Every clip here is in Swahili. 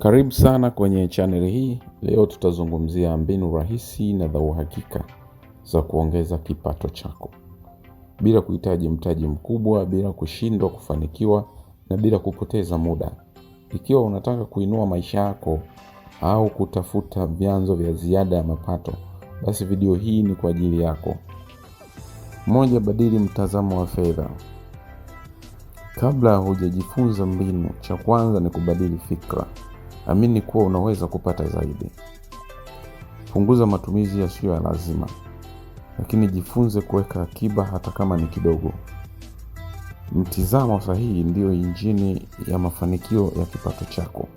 Karibu sana kwenye chaneli hii. Leo tutazungumzia mbinu rahisi na za uhakika za kuongeza kipato chako bila kuhitaji mtaji mkubwa, bila kushindwa kufanikiwa na bila kupoteza muda. Ikiwa unataka kuinua maisha yako au kutafuta vyanzo vya ziada ya mapato, basi video hii ni kwa ajili yako. Moja, badili mtazamo wa fedha. Kabla hujajifunza mbinu, cha kwanza ni kubadili fikra. Amini kuwa unaweza kupata zaidi. Punguza matumizi yasiyo ya lazima, lakini jifunze kuweka akiba hata kama ni kidogo. Mtizamo sahihi ndiyo injini ya mafanikio ya kipato chako.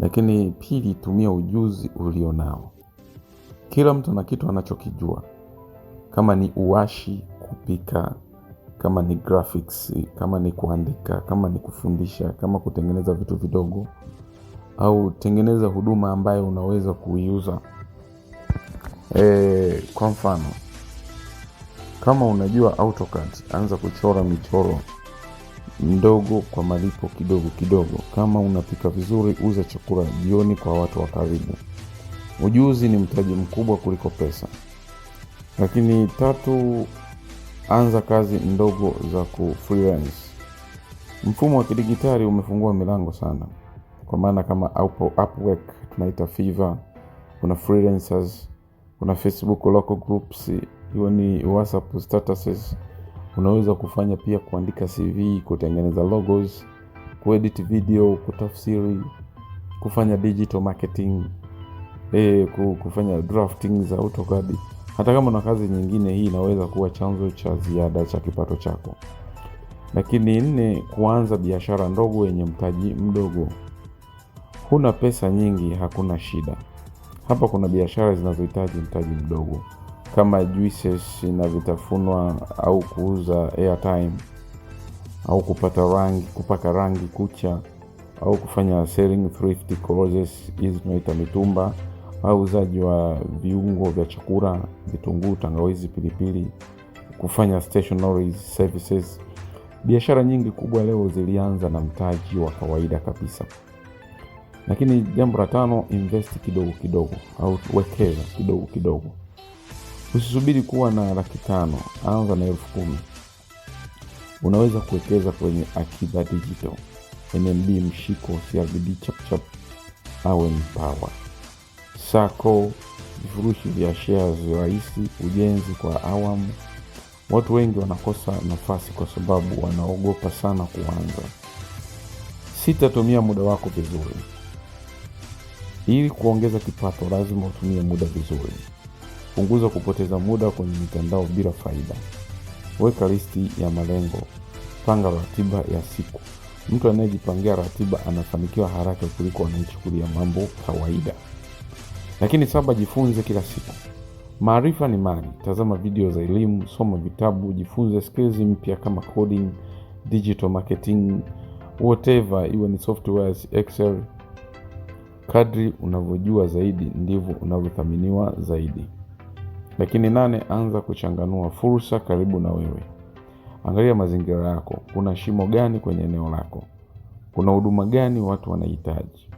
Lakini pili, tumia ujuzi ulionao. Kila mtu ana kitu anachokijua, kama ni uwashi, kupika, kama ni graphics, kama ni kuandika, kama ni kufundisha, kama kutengeneza vitu vidogo, au tengeneza huduma ambayo unaweza kuiuza. E, kwa mfano kama unajua AutoCAD, anza kuchora michoro ndogo kwa malipo kidogo kidogo. Kama unapika vizuri, uza chakula jioni kwa watu wa karibu. Ujuzi ni mtaji mkubwa kuliko pesa. Lakini tatu anza kazi ndogo za freelance. Mfumo wa kidigitali umefungua milango sana, kwa maana kama Upwork tunaita Fiverr, kuna freelancers, kuna Facebook local groups, hiyo ni WhatsApp statuses. Unaweza kufanya pia kuandika CV, kutengeneza logos, kuedit video, kutafsiri, kufanya digital marketing, eh, kufanya drafting za AutoCAD hata kama una kazi nyingine, hii inaweza kuwa chanzo cha ziada cha kipato chako. Lakini nne, kuanza biashara ndogo yenye mtaji mdogo. Huna pesa nyingi, hakuna shida. Hapa kuna biashara zinazohitaji mtaji mdogo kama juices na vitafunwa au kuuza airtime au kupata rangi, kupaka rangi kucha au kufanya selling thrift clothes. Hizi tunaita mitumba wauzaji wa viungo vya chakula, vitunguu, tangawizi, pilipili, kufanya services. Biashara nyingi kubwa leo zilianza na mtaji wa kawaida kabisa. Lakini jambo la tano, invest kidogo kidogo au wekeza kidogo kidogo. Usisubiri kuwa na laki tano, anza na elfu kumi. Unaweza kuwekeza kwenye Akiba Digital, NMB, Mshiko, CRDB, Chapchap au Empower sako, vifurushi vya shares rahisi, ujenzi kwa awamu. Watu wengi wanakosa nafasi kwa sababu wanaogopa sana kuanza. Sita, tumia muda wako vizuri. Ili kuongeza kipato, lazima utumie muda vizuri. Punguza kupoteza muda kwenye mitandao bila faida. Weka listi ya malengo, panga ratiba ya siku. Mtu anayejipangia ratiba anafanikiwa haraka kuliko anayechukulia mambo kawaida. Lakini saba, jifunze kila siku. Maarifa ni mali. Tazama video za elimu, soma vitabu, jifunze skills mpya kama coding, digital marketing, whatever iwe ni softwares, Excel. Kadri unavyojua zaidi ndivyo unavyothaminiwa zaidi. Lakini nane, anza kuchanganua fursa karibu na wewe. Angalia mazingira yako. Kuna shimo gani kwenye eneo lako? Kuna huduma gani watu wanahitaji?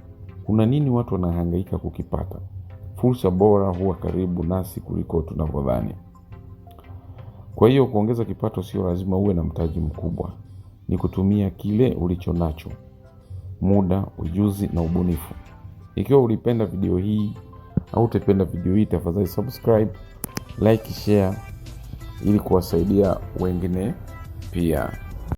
Kuna nini watu wanahangaika kukipata? fursa bora huwa karibu nasi kuliko tunavyodhani. Kwa hiyo kuongeza kipato sio lazima uwe na mtaji mkubwa, ni kutumia kile ulicho nacho: muda, ujuzi na ubunifu. Ikiwa ulipenda video hii au utapenda video hii, tafadhali subscribe, like, share ili kuwasaidia wengine pia.